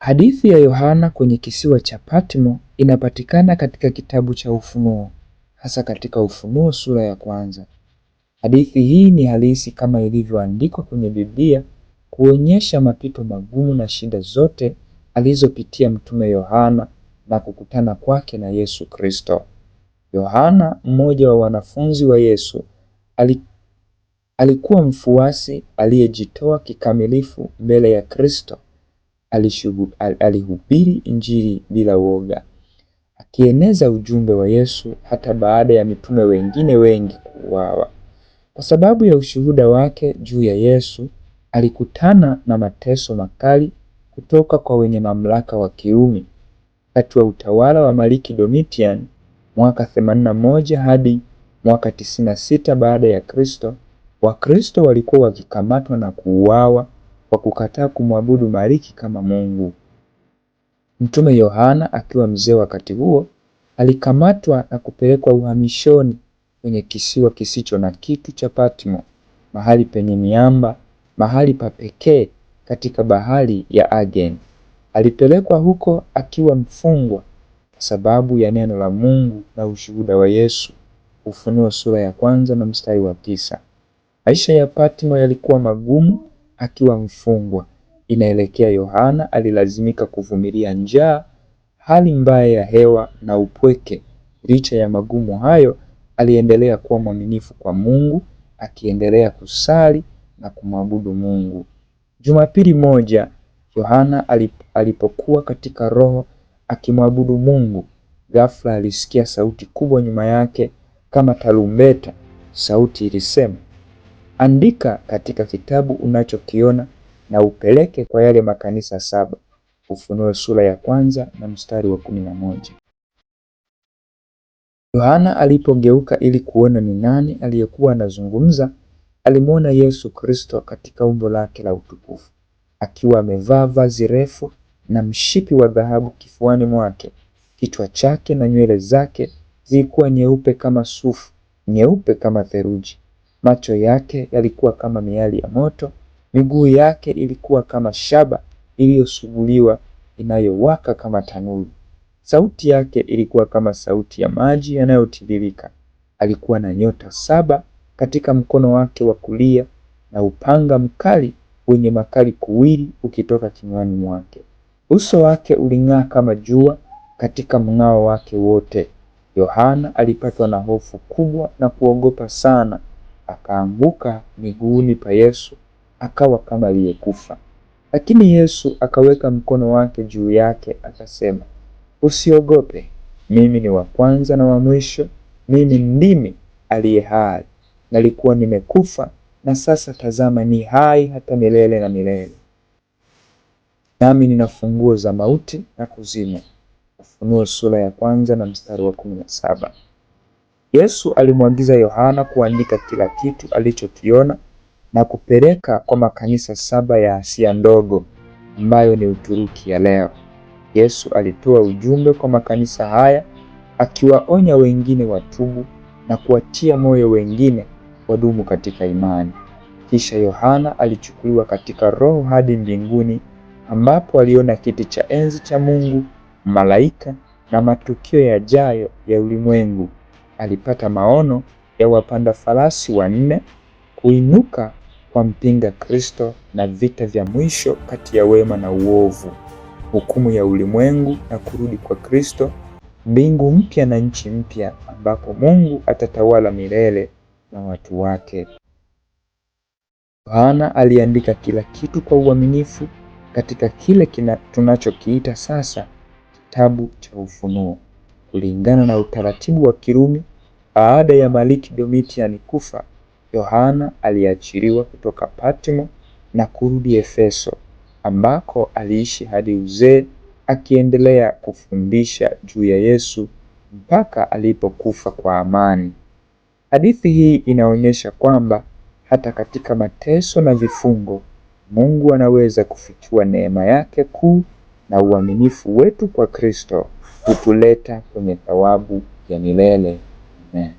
Hadithi ya Yohana kwenye kisiwa cha Patmo inapatikana katika kitabu cha Ufunuo, hasa katika Ufunuo sura ya kwanza. Hadithi hii ni halisi kama ilivyoandikwa kwenye Biblia, kuonyesha mapito magumu na shida zote alizopitia mtume Yohana na kukutana kwake na Yesu Kristo. Yohana, mmoja wa wanafunzi wa Yesu, alikuwa mfuasi aliyejitoa kikamilifu mbele ya Kristo alihubiri Injili bila woga, akieneza ujumbe wa Yesu hata baada ya mitume wengine wengi kuuawa. Kwa sababu ya ushuhuda wake juu ya Yesu, alikutana na mateso makali kutoka kwa wenye mamlaka wa Kirumi wakati wa utawala wa Maliki Domitian mwaka 81 hadi mwaka 96 baada ya Kristo. Wakristo walikuwa wakikamatwa na kuuawa kwa kukataa kumwabudu Maliki kama Mungu. Mtume Yohana akiwa mzee wakati huo alikamatwa na kupelekwa uhamishoni kwenye kisiwa kisicho na kitu cha Patmo, mahali penye miamba, mahali pa pekee katika bahari ya Aegean. Alipelekwa huko akiwa mfungwa kwa sababu ya neno la Mungu na ushuhuda wa Yesu, Ufunuo sura ya kwanza na mstari wa tisa. Maisha ya Patmo yalikuwa magumu akiwa mfungwa. Inaelekea Yohana alilazimika kuvumilia njaa, hali mbaya ya hewa na upweke. Licha ya magumu hayo, aliendelea kuwa mwaminifu kwa Mungu, akiendelea kusali na kumwabudu Mungu. Jumapili moja, Yohana alipokuwa katika roho akimwabudu Mungu, ghafla alisikia sauti kubwa nyuma yake kama tarumbeta. Sauti ilisema Andika katika kitabu unachokiona na upeleke kwa yale makanisa saba. Ufunuo sura ya kwanza na mstari wa kumi na moja. Yohana alipogeuka ili kuona ni nani aliyekuwa anazungumza, alimwona Yesu Kristo katika umbo lake la utukufu, akiwa amevaa vazi refu na mshipi wa dhahabu kifuani mwake. Kichwa chake na nywele zake zilikuwa nyeupe kama sufu, nyeupe kama theluji, Macho yake yalikuwa kama miali ya moto, miguu yake ilikuwa kama shaba iliyosuguliwa inayowaka kama tanuru. Sauti yake ilikuwa kama sauti ya maji yanayotiririka. Alikuwa na nyota saba katika mkono wake wa kulia na upanga mkali wenye makali kuwili ukitoka kinywani mwake. Uso wake uling'aa kama jua katika mng'ao wake wote. Yohana alipatwa na hofu kubwa na kuogopa sana akaanguka miguuni pa Yesu akawa kama aliyekufa. Lakini Yesu akaweka mkono wake juu yake akasema, usiogope, mimi ni wa kwanza na wa mwisho, mimi ndimi aliye hai. Nalikuwa nimekufa na sasa tazama, ni hai hata milele na milele, nami nina funguo za mauti na kuzimu. Ufunuo sura ya kwanza na mstari wa kumi na saba. Yesu alimwagiza Yohana kuandika kila kitu alichokiona na kupeleka kwa makanisa saba ya Asia Ndogo ambayo ni Uturuki ya leo. Yesu alitoa ujumbe kwa makanisa haya akiwaonya wengine watubu na kuwatia moyo wengine wadumu katika imani. Kisha Yohana alichukuliwa katika roho hadi mbinguni ambapo aliona kiti cha enzi cha Mungu, malaika na matukio yajayo ya ulimwengu alipata maono ya wapanda farasi wanne, kuinuka kwa mpinga Kristo na vita vya mwisho kati ya wema na uovu, hukumu ya ulimwengu na kurudi kwa Kristo, mbingu mpya na nchi mpya ambapo Mungu atatawala milele na watu wake. Yohana aliandika kila kitu kwa uaminifu katika kile tunachokiita sasa kitabu cha Ufunuo. Kulingana na utaratibu wa Kirumi, baada ya Maliki Domitian kufa, Yohana aliachiliwa kutoka Patmo na kurudi Efeso ambako aliishi hadi uzee akiendelea kufundisha juu ya Yesu mpaka alipokufa kwa amani. Hadithi hii inaonyesha kwamba hata katika mateso na vifungo, Mungu anaweza kufichua neema yake kuu na uaminifu wetu kwa Kristo hutuleta kwenye thawabu ya milele. Amen.